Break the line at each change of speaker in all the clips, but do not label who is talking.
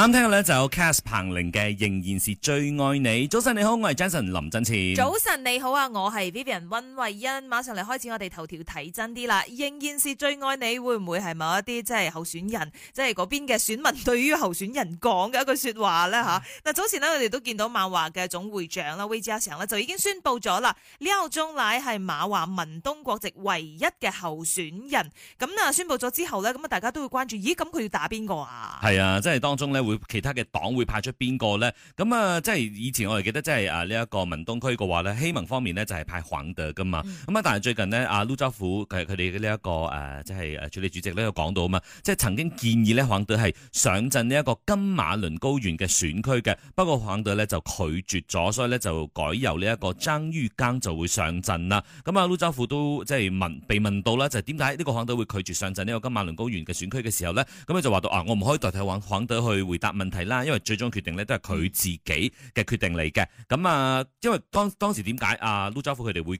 啱聽嘅咧就 Cass 彭羚嘅仍然是最愛你。早晨你好，我係 Jason 林振前。早
晨你好啊，我係 Vivian 溫慧欣。馬上嚟開始我哋頭條睇真啲啦。仍然是最愛你會唔會係某一啲，即係候選人，即係嗰邊嘅選民對於候選人講嘅一句說話咧吓？嗱， 早前呢，我哋都見到馬華嘅總會長啦 Wee a s 咧就已經宣布咗啦，廖中萊係馬華文東國席唯一嘅候選人。咁啊宣布咗之後咧，咁啊大家都會關注，咦，咁佢要打邊個啊？
係啊，即係當中咧。其他嘅黨會派出邊個咧？咁啊，即係以前我哋記得，即係啊呢一個文東區嘅話咧，希盟方面咧就係派黃德噶嘛。咁啊，但係最近呢，阿盧州府，佢哋嘅呢一個誒，即係誒處理主席呢，有講到啊嘛。即係曾經建議咧，黃德係上陣呢一個金馬倫高原嘅選區嘅，不過黃德咧就拒絕咗，所以咧就改由呢一個張於更就會上陣啦。咁啊，盧州府都即係問被問到啦，就點解呢個黃德會拒絕上陣呢個金馬倫高原嘅選區嘅時候咧？咁佢就話到啊，我唔可以代替黃黃德去回答問題啦，因為最終決定咧都係佢自己嘅決定嚟嘅。咁、嗯、啊，因為當當時點解阿盧洲夫佢哋會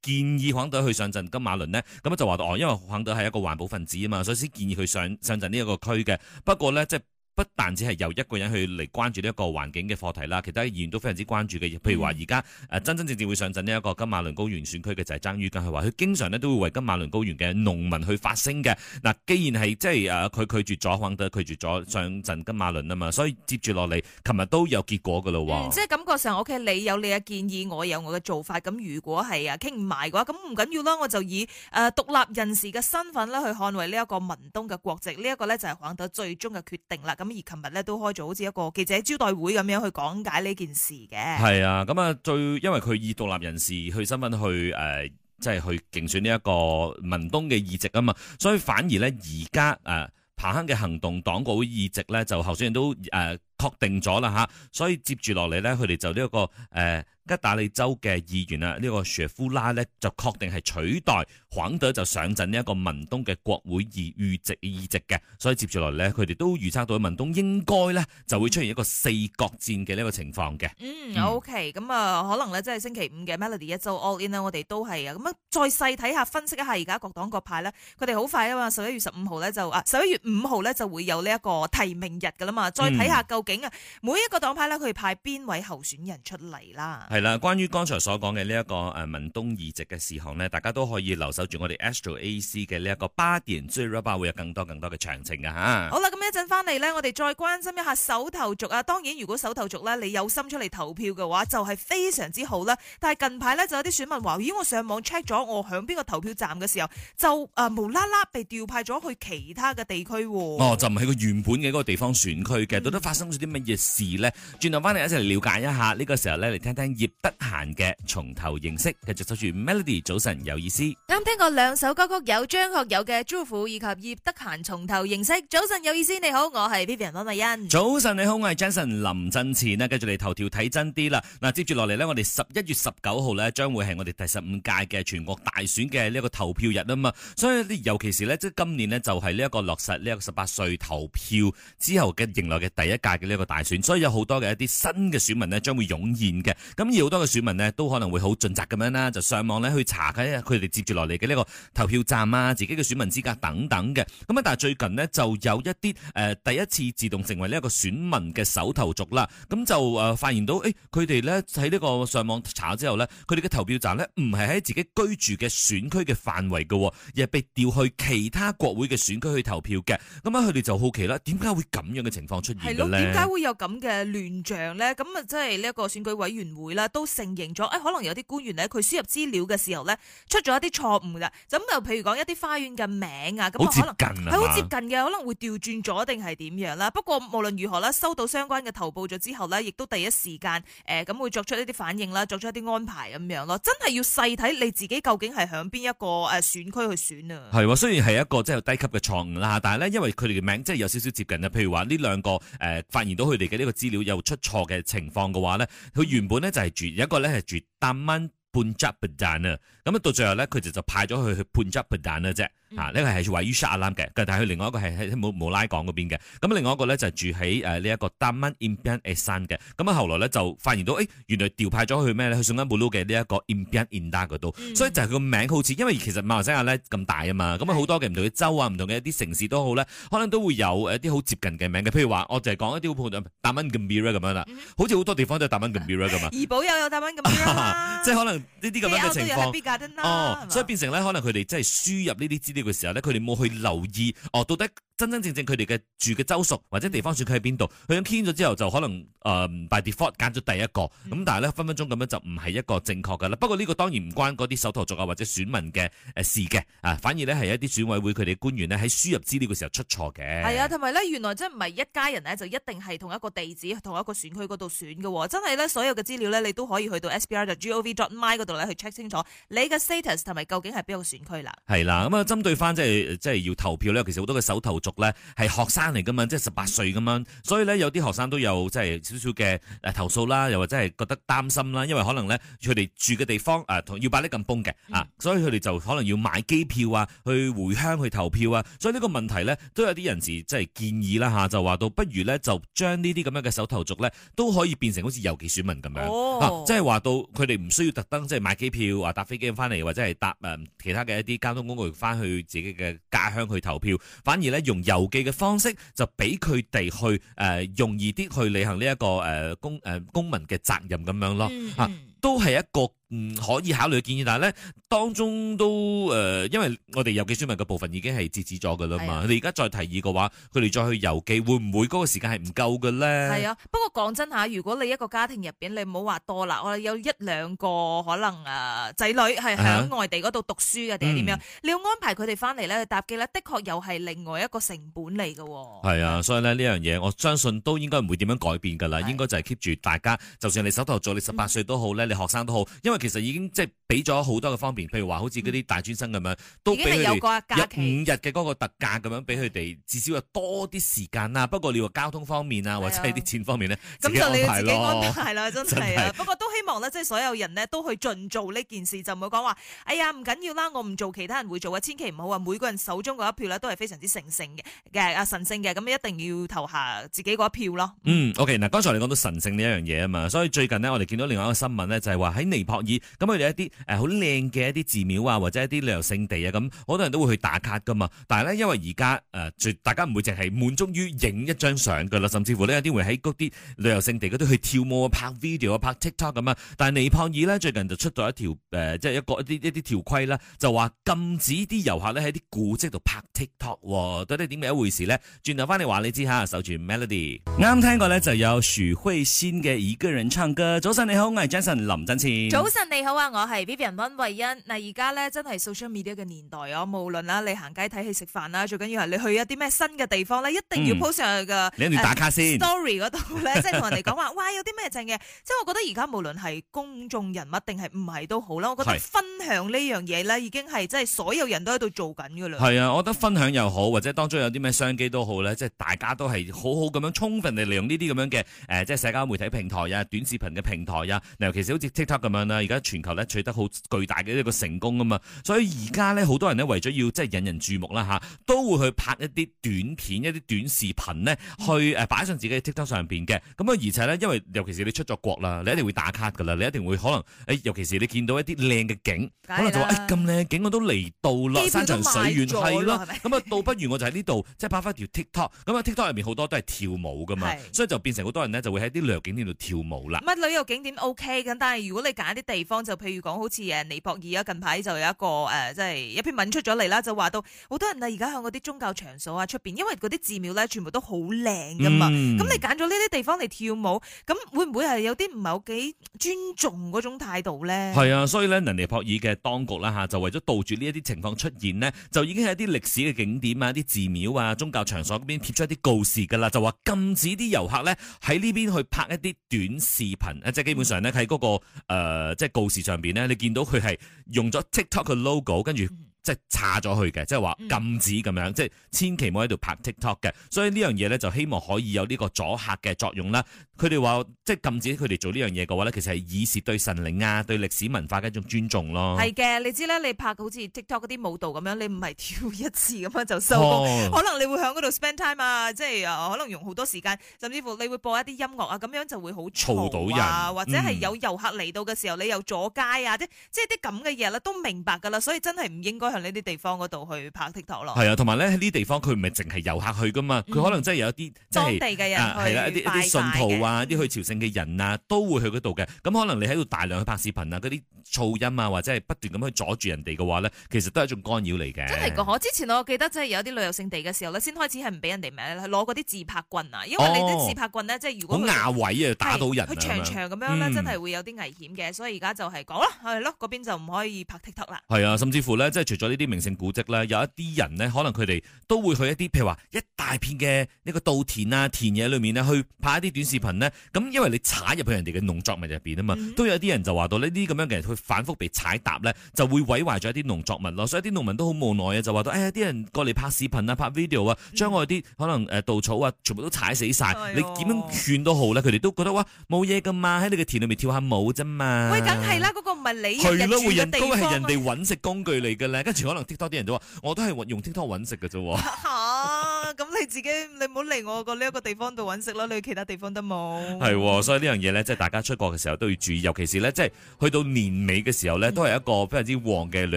建議肯德去上陣金馬倫咧？咁就話哦，因為肯德係一個環保分子啊嘛，所以先建議佢上上陣呢一個區嘅。不過咧，即、係不但只係由一個人去嚟關注呢一個環境嘅課題啦，其他議員都非常之關注嘅。譬如話而家真真正正會上陣呢一個金馬倫高原選區嘅就係曾宇君，佢話佢經常呢都會為金馬倫高原嘅農民去發聲嘅。嗱、啊，既然係即係誒佢拒絕咗，黃德拒絕咗上陣金馬倫啊嘛，所以接住落嚟，琴日都有結果噶喇喎。即係
感覺上，OK，你有你嘅建議，我有我嘅做法。咁如果係啊傾唔埋嘅話，咁唔緊要啦，我就以誒、呃、獨立人士嘅身份咧去捍衞呢一個民東嘅國籍。呢一個咧就係黃德最終嘅決定啦。咁咁而琴日咧都開咗好似一個記者招待會咁樣去講解呢件事嘅，係
啊，咁啊最因為佢以獨立人士去身份去誒，即、呃、係、就是、去競選呢一個民東嘅議席啊嘛，所以反而咧而家誒彭亨嘅行動黨國會議席咧就候選人都誒確、呃、定咗啦吓，所以接住落嚟咧佢哋就呢、這、一個誒吉打利州嘅議員啊、這個、呢個雪夫拉咧就確定係取代。罕德就上陣呢一個民東嘅國會議預席議席嘅，所以接住落嚟咧，佢哋都預測到民東應該咧就會出現一個四角戰嘅呢個情況嘅。
嗯，OK，咁啊，可能咧即係星期五嘅 Melody 一周 All In 我哋都係啊，咁啊，再細睇下分析一下而家各黨各派咧，佢哋好快11啊嘛，十一月十五號咧就，啊十一月五號咧就會有呢一個提名日㗎啦嘛，再睇下究竟啊每一個黨派咧佢哋派邊位候選人出嚟啦。
係啦、嗯，關於剛才所講嘅呢一個誒民東議席嘅事項呢，大家都可以留守住我哋 Astro AC 嘅呢一個八點，最 rapper 會有更多更多嘅詳情嘅吓，哈好
啦，咁一陣翻嚟呢，我哋再關心一下首投族啊。當然，如果首投族呢，你有心出嚟投票嘅話，就係、是、非常之好啦。但係近排呢，就有啲選民話，咦，我上網 check 咗我響邊個投票站嘅時候，就誒、呃、無啦啦被調派咗去其他嘅地區喎、啊。哦，
就唔係佢原本嘅嗰個地方選區嘅，到底發生咗啲乜嘢事呢？轉頭翻嚟一齊嚟了解一下呢、這個時候呢，嚟聽聽葉德嫻嘅《從頭認識》，繼續守住 Melody 早晨有意思。
聽過兩首歌曲，有張學友嘅《祝福》以及葉德嫻《從頭認識》。早晨有意思，你好，我係 Vivian 溫美欣。
早晨你好，我係 Jason 林振前，呢，跟住你頭條睇真啲啦。嗱，接住落嚟呢，我哋十一月十九號呢，將會係我哋第十五屆嘅全國大選嘅呢個投票日啊嘛。所以尤其是呢，即今年呢，就係呢一個落實呢個十八歲投票之後嘅迎來嘅第一屆嘅呢個大選，所以有好多嘅一啲新嘅選民呢，將會湧現嘅。咁而好多嘅選民呢，都可能會好盡責咁樣啦，就上網呢去查睇下，佢哋接住落嚟嘅呢個投票站啊，自己嘅選民資格等等嘅，咁啊，但係最近呢，就有一啲誒、呃、第一次自動成為呢一個選民嘅首投族啦，咁、嗯、就誒、呃、發現到，誒佢哋咧喺呢個上網查之後呢，佢哋嘅投票站呢唔係喺自己居住嘅選區嘅範圍嘅，哦，而係被調去其他國會嘅選區去投票嘅，咁、嗯、啊，佢哋就好奇啦，點解會咁樣嘅情況出現咧？係咯，點解會
有咁嘅亂象呢？咁啊，即係呢一個選舉委員會啦，都承認咗，誒、哎、可能有啲官員咧，佢輸入資料嘅時候呢，出咗一啲錯誤。咁就譬如講一啲花園嘅名啊，咁可能係好接近嘅，可能會調轉咗定係點樣啦。不過無論如何咧，收到相關嘅投報咗之後咧，亦都第一時間誒咁會作出一啲反應啦，作出一啲安排咁樣咯。真係要細睇你自己究竟係響邊一個誒選區去選啊。
係喎，雖然係一個即係低級嘅錯誤啦，但係咧因為佢哋嘅名即係有少少接近啊。譬如話呢兩個誒發現到佢哋嘅呢個資料有出錯嘅情況嘅話咧，佢原本咧就係住一個咧係住丹灣，半執笨蛋啊！咁啊到最後咧，佢哋就派咗佢去半執笨蛋啊啫。呢、啊呢個係位於 Shah Alam 嘅，但係佢另外一個係喺冇拉港嗰邊嘅。咁另外一個咧就是、住喺誒呢一個達曼印賓艾山嘅。咁啊，後來咧就發現到，誒、欸、原來調派咗去咩呢？去上緊布魯嘅呢一個印賓印達嗰度。嗯、所以就個名字好似，因為其實馬來西亞咧咁大啊嘛，咁好多嘅唔同嘅州啊，唔同嘅一啲城市都好咧，可能都會有一啲好接近嘅名嘅。譬如話，我淨係講一啲好普通達曼 Gembira 咁樣啦，好似好多地方都有達曼嘅 Gembira 咁啊。怡
保、啊、又有達曼 Gembira
即係可能呢啲咁樣嘅情況，所以變成呢可能佢哋即係輸入呢啲資料。呢個時候咧，佢哋冇去留意哦，到底，真真正正佢哋嘅住嘅州屬或者地方選區喺邊度？佢想編咗之後就可能誒、呃、by default 揀咗第一個，咁、mm hmm. 但係咧分分鐘咁樣就唔係一個正確㗎啦。不過呢個當然唔關嗰啲首投族啊或者選民嘅誒事嘅啊，反而咧係一啲選委會佢哋官員咧喺輸入資料嘅時候出錯嘅。係
啊，同埋咧原來真唔係一家人咧就一定係同一個地址同一個選區嗰度選嘅喎、哦。真係咧所有嘅資料咧你都可以去到 spr.gov.my 嗰度咧去 check 清楚你嘅 status 同埋究竟係邊個選區啦。
係啦，咁、嗯、啊、嗯嗯、針對翻即係即係要投票咧，其實好多嘅首投。咧係學生嚟噶嘛，即係十八歲咁樣，所以咧有啲學生都有即係少少嘅誒投訴啦，又或者係覺得擔心啦，因為可能咧佢哋住嘅地方誒、呃、要擺得咁崩嘅啊，嗯、所以佢哋就可能要買機票啊，去回鄉去投票啊，所以呢個問題咧都有啲人士即係建議啦吓，就話到不如咧就將呢啲咁樣嘅手投族咧都可以變成好似郵寄選民咁樣，啊，即係話到佢哋唔需要特登即係買機票啊搭飛機翻嚟，或者係搭誒其他嘅一啲交通工具翻去自己嘅家鄉去投票，反而咧用。郵寄嘅方式就俾佢哋去誒、呃，容易啲去履行呢、這、一個誒、呃、公誒、呃、公民嘅責任咁樣咯，吓、嗯啊、都係一個。嗯，可以考慮嘅建議，但係咧，當中都誒，因為我哋郵寄選民嘅部分已經係截止咗㗎啦嘛。你而家再提議嘅話，佢哋再去郵寄，會唔會嗰個時間係唔夠嘅咧？係啊，
不過講真嚇，如果你一個家庭入邊，你唔好話多啦，我哋有一兩個可能啊仔女係喺外地嗰度讀書嘅，定係點樣？你要安排佢哋翻嚟咧去搭機咧，的確又係另外一個成本嚟嘅喎。
係啊，所以咧呢樣嘢，我相信都應該唔會點樣改變㗎啦。應該就係 keep 住大家，就算你手頭做你十八歲都好咧，你學生都好，因為。其實已經即係俾咗好多嘅方便，譬如話好似嗰啲大專生咁樣，都俾佢有五日嘅嗰個特價咁樣，俾佢哋至少有多啲時間啦。不過你話交通方面啊，或者係啲錢方面咧，咁就你自己安排咯，係啦，真係。真的不
過都希望咧，即係所有人咧都去盡做呢件事，就唔好講話，哎呀唔緊要啦，我唔做，其他人會做嘅，千祈唔好話每個人手中嗰一票咧都係非常之神聖嘅嘅啊，神聖嘅，咁一定要投下自己嗰一票咯。嗯
，OK，嗱，剛才你講到神聖呢一樣嘢啊嘛，所以最近咧，我哋見到另外一個新聞咧，就係話喺尼泊爾。咁佢哋一啲好靚嘅一啲寺廟啊，或者一啲旅遊勝地啊，咁好多人都會去打卡噶嘛。但係咧，因為而家、呃、大家唔會淨係滿足於影一張相噶啦，甚至乎呢，有啲會喺嗰啲旅遊勝地嗰度去跳舞啊、拍 video 啊、拍 TikTok 咁啊。但係尼泊爾呢，最近就出到一條即係、呃就是、一個一啲一啲條規啦，就話禁止啲遊客呢喺啲古蹟度拍 TikTok 喎、哦。到底點嘅一回事呢？轉頭翻嚟話你知下，守住 Melody。啱聽過呢，就有許慧欣嘅一個人唱歌。早晨你好，我係 Jason 林振前。早上
你好啊，我係 Vivian 溫慧欣。嗱，而家咧真係 social media 嘅年代啊。無論啦，你行街睇戲食飯啦，最緊要係你去一啲咩新嘅地方咧，一定要 post 上去㗎、嗯。你先打卡先。Uh, story 嗰度咧， 即係同人哋講話，哇，有啲咩正嘅？即係我覺得而家無論係公眾人物定係唔係都好啦，我覺得分享呢樣嘢咧，已經係即係所有人都喺度做緊噶啦。係啊，
我覺得分享又好，或者當中有啲咩商機都好咧，即係大家都係好好咁樣充分地利用呢啲咁樣嘅誒、呃，即係社交媒體平台啊，短視頻嘅平台啊，尤其是好似 TikTok 咁樣啦。而家全球咧取得好巨大嘅一個成功啊嘛，所以而家咧好多人咧為咗要即係引人注目啦吓，都會去拍一啲短片、一啲短視頻咧，去誒擺上自己嘅 TikTok 上邊嘅。咁啊，而且咧，因為尤其是你出咗國啦，你一定會打卡噶啦，你一定會可能誒，尤其是你見到一啲靚嘅景，可能就話誒咁靚景我都嚟到啦，山長水遠係咯，咁啊倒不如、嗯、我就喺呢度即係拍翻條 TikTok，咁啊、嗯、 TikTok 入邊好多都係跳舞噶嘛，是所以就變成好多人咧就會喺啲旅遊景點度跳舞啦。
乜旅遊景點 OK 嘅，但係如果你揀一啲地地方就譬如講好似誒尼泊爾啊，近排就有一個誒，即係一篇文出咗嚟啦，就話到好多人啊，而家響嗰啲宗教場所啊，出邊因為嗰啲寺廟咧，全部都好靚噶嘛，咁你揀咗呢啲地方嚟跳舞，咁會唔會係有啲唔係好幾尊重嗰種態度咧？係
啊，所以咧，尼泊爾嘅當局啦吓，就為咗杜絕呢一啲情況出現咧，就已經喺一啲歷史嘅景點啊、啲寺廟啊、宗教場所嗰邊貼出一啲告示噶啦，就話禁止啲遊客咧喺呢邊去拍一啲短視頻，誒，即係基本上咧喺嗰個誒，即係。告示上邊咧，你見到佢係用咗 TikTok 嘅 logo，跟住。即係差咗去嘅，即係話禁止咁樣，嗯、即係千祈唔好喺度拍 TikTok 嘅。所以呢樣嘢咧，就希望可以有呢個阻嚇嘅作用啦。佢哋話即係禁止佢哋做呢樣嘢嘅話咧，其實係以示對神靈啊、對歷史文化嘅一種尊重咯。係
嘅，你知咧，你拍好似 TikTok 嗰啲舞蹈咁樣，你唔係跳一次咁樣就收工、哦、可能你會響嗰度 spend time 啊，即係可能用好多時間，甚至乎你會播一啲音樂啊，咁樣就會好嘈到人，或者係有遊客嚟到嘅時候，嗯、你又阻街啊，即係啲咁嘅嘢啦，都明白㗎啦。所以真係唔應該。呢啲地方嗰度去拍 TikTok 咯，係啊，
同埋咧喺啲地方佢唔係淨係遊客去噶嘛，佢、嗯、可能真係有一啲即、就是、當地嘅人去拜係、啊、啦，拜拜一啲信徒啊，一啲去朝聖嘅人啊，都會去嗰度嘅。咁、嗯、可能你喺度大量去拍視頻啊，嗰啲噪音啊，或者係不斷咁去阻住人哋嘅話咧，其實都係一種干擾嚟嘅。真係
噶，我之前我記得即係有啲旅遊勝地嘅時候咧，先開始係唔俾人哋咩咧，攞嗰啲自拍棍啊，因為你啲自拍棍咧，哦、即係如果佢壓位啊，打到人佢、啊、長長咁樣咧，嗯、真係會有啲危險嘅。所以而家就係講咯，係咯，嗰邊就唔可以拍 TikTok 啦。
係啊，甚至乎咧，即係除咗。呢啲名勝古蹟咧，有一啲人呢，可能佢哋都會去一啲，譬如話一大片嘅呢個稻田啊、田野裏面呢，去拍一啲短視頻呢。咁、嗯、因為你踩入去人哋嘅農作物入邊啊嘛，嗯、都有啲人就話到呢啲咁樣嘅人去反覆被踩踏呢，就會毀壞咗一啲農作物咯。所以啲農民都好無奈啊，就話到誒，啲、哎、人過嚟拍視頻啊、拍 video 啊，將我啲可能誒稻草啊，全部都踩死晒。哦、你點樣勸都好咧，佢哋都覺得哇冇嘢噶嘛，喺你嘅田裏面跳下舞啫嘛。喂，梗
係啦，嗰、那個唔係你住嘅地方，係人哋
揾食工具嚟嘅啦。跟住可能踢拖啲人都話，我都係用踢拖揾食嘅啫。吓，
咁你自己你唔好嚟我個呢一個地方度揾食啦，你去其他地方都冇係。
所以呢樣嘢咧，即係大家出國嘅時候都要注意，尤其是咧，即係去到年尾嘅時候咧，都係一個非常之旺嘅旅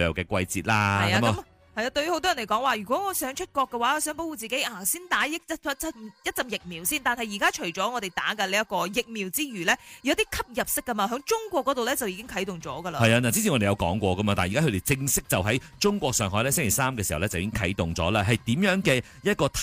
遊嘅季節啦。咁啊。
係啊，對於好多人嚟講話，如果我想出國嘅話，想保護自己啊，先打一針一針疫苗先。但係而家除咗我哋打嘅呢一個疫苗之餘呢，有啲吸入式噶嘛，喺中國嗰度呢就已經啟動咗噶啦。係啊，嗱，之
前我哋有講過噶嘛，但係而家佢哋正式就喺中國上海呢星期三嘅時候呢就已經啟動咗啦。係點樣嘅一個體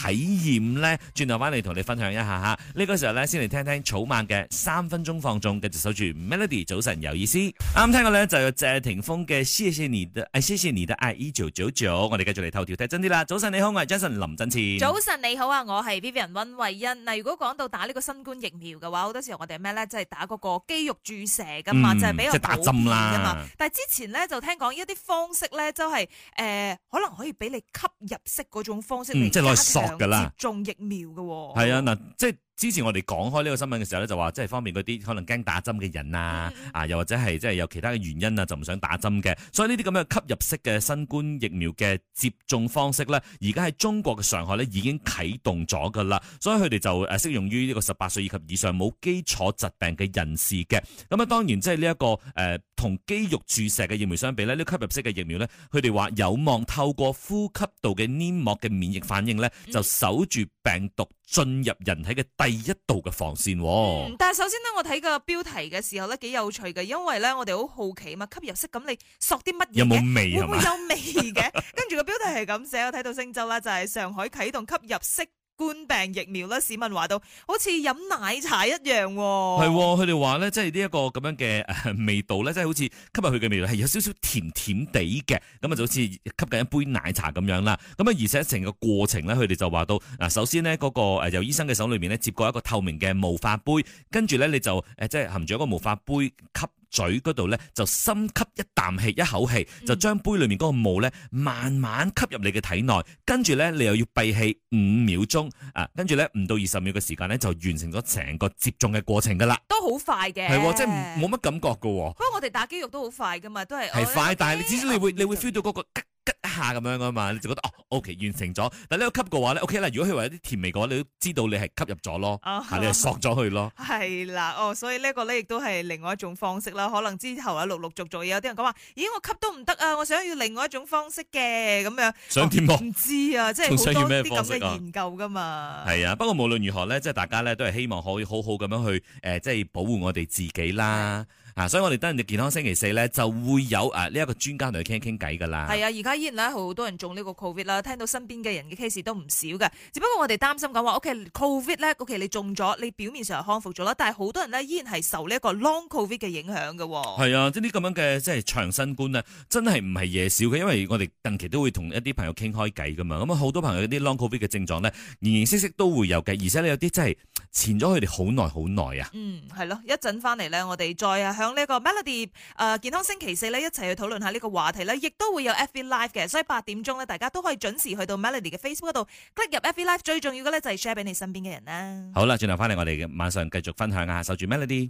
驗呢？轉頭翻嚟同你分享一下吓。呢個時候呢，先嚟聽聽草蜢嘅三分鐘放縱嘅《繼續守住 Melody》，早晨有意思。啱聽嘅呢，就謝霆鋒嘅《謝謝你的謝謝你的愛》，一九九九。好，我哋繼續嚟，頭條睇真啲啦。早晨你好，我係 Jason 林振超。早
晨你好啊，我係 Vivian 溫慧欣。嗱，如果講到打呢個新冠疫苗嘅話，好多時候我哋咩咧，即、就、係、是、打嗰個肌肉注射噶嘛，嗯、就係比較普遍噶嘛。但係之前咧就聽講一啲方式咧，就係、是、誒、呃，可能可以俾你吸入式嗰種方式嚟即係攞嚟索噶啦，嗯、你接種疫苗嘅。係、
嗯嗯、啊，嗱，即係。之前我哋講開呢個新聞嘅時候咧，就話即係方便嗰啲可能驚打針嘅人啊，啊又或者係即係有其他嘅原因啊，就唔想打針嘅。所以呢啲咁樣嘅吸入式嘅新冠疫苗嘅接種方式咧，而家喺中國嘅上海咧已經啟動咗㗎喇。所以佢哋就誒適用於呢個十八歲以及以上冇基礎疾病嘅人士嘅。咁啊，當然即係呢一個誒。呃同肌肉注射嘅疫苗相比呢，呢吸入式嘅疫苗咧，佢哋話有望透過呼吸道嘅黏膜嘅免疫反應咧，就守住病毒進入人體嘅第一道嘅防線。嗯、
但係首先呢，我睇個標題嘅時候咧，幾有趣嘅，因為咧我哋好好奇啊嘛，吸入式咁你索啲乜嘢？有冇
味啊？會唔會有
味嘅？跟住個標題係咁寫，我睇到星洲啦，就係、是、上海啟動吸入式。冠病疫苗啦，市民話到好似飲奶茶一樣喎、係，
佢哋話咧，即係呢一個咁樣嘅、呃、味道咧，即係好似吸入去嘅味道係有少少甜甜地嘅，咁啊就好似吸緊一杯奶茶咁樣啦，咁啊而且成個過程咧，佢哋就話到嗱，首先呢，嗰、嗰個、呃、由醫生嘅手裏面咧接過一個透明嘅毛髮杯，跟住咧你就即係、呃、含住一個毛髮杯吸。嘴嗰度咧就深吸一啖氣一口氣，就將杯裏面嗰個霧咧慢慢吸入你嘅體內，跟住咧你又要閉氣五秒鐘啊，跟住咧唔到二十秒嘅時間咧就完成咗成個接種嘅過程噶啦，
都好快嘅，係、哦、即係
冇乜感覺嘅、哦。不
過我哋打肌肉都好快噶嘛，都係係快，
哦 okay，但係你至少你會、嗯、你會 feel 到嗰個吉吉下咁樣噶嘛，你就覺得哦。O、okay, K，完成咗。但呢個吸嘅話咧，O K 啦。如果佢話有啲甜味嘅話，你都知道你係吸入咗咯，吓、啊、你係索咗去咯。
係啦，哦，所以呢個咧亦都係另外一種方式啦。可能之後啊，陸陸續續有啲人講話，咦、欸，我吸都唔得啊，我想要另外一種方式嘅咁樣。想點啊？唔知啊，即係好多啲咁嘅研究噶嘛。
係啊，不過無論如何咧，即係大家咧都係希望可以好好咁樣去誒、呃，即係保護我哋自己啦。嗱、啊，所以我哋等人哋健康星期四咧，就會有啊呢一、這個專家同佢傾傾偈噶啦。係
啊，而家依然咧，好多人中呢個 covid 啦，聽到身邊嘅人嘅 case 都唔少嘅。只不過我哋擔心講話 OK covid 咧，OK 你中咗，你表面上係康復咗啦，但係好多人呢，依然係受呢一個 long covid 嘅影響喎、哦。」
係啊，這這即啲呢咁樣嘅即係長新冠呢，真係唔係夜少嘅，因為我哋近期都會同一啲朋友傾開偈噶嘛。咁啊，好多朋友啲 long covid 嘅症狀呢，形形色色都會有嘅，而且有啲真係纏咗佢哋好耐好耐啊。嗯，
係咯，一陣翻嚟咧，我哋再啊呢個 Melody 誒健康星期四咧，一齊去討論下呢個話題咧，亦都會有 FB Live 嘅，所以八點鐘咧，大家都可以準時去到 Melody 嘅 Facebook 度，click 入 FB Live，最重要嘅咧就係 share 俾你身邊嘅人啦。
好啦，轉頭翻嚟，我哋嘅晚上繼續分享下，守住 Melody。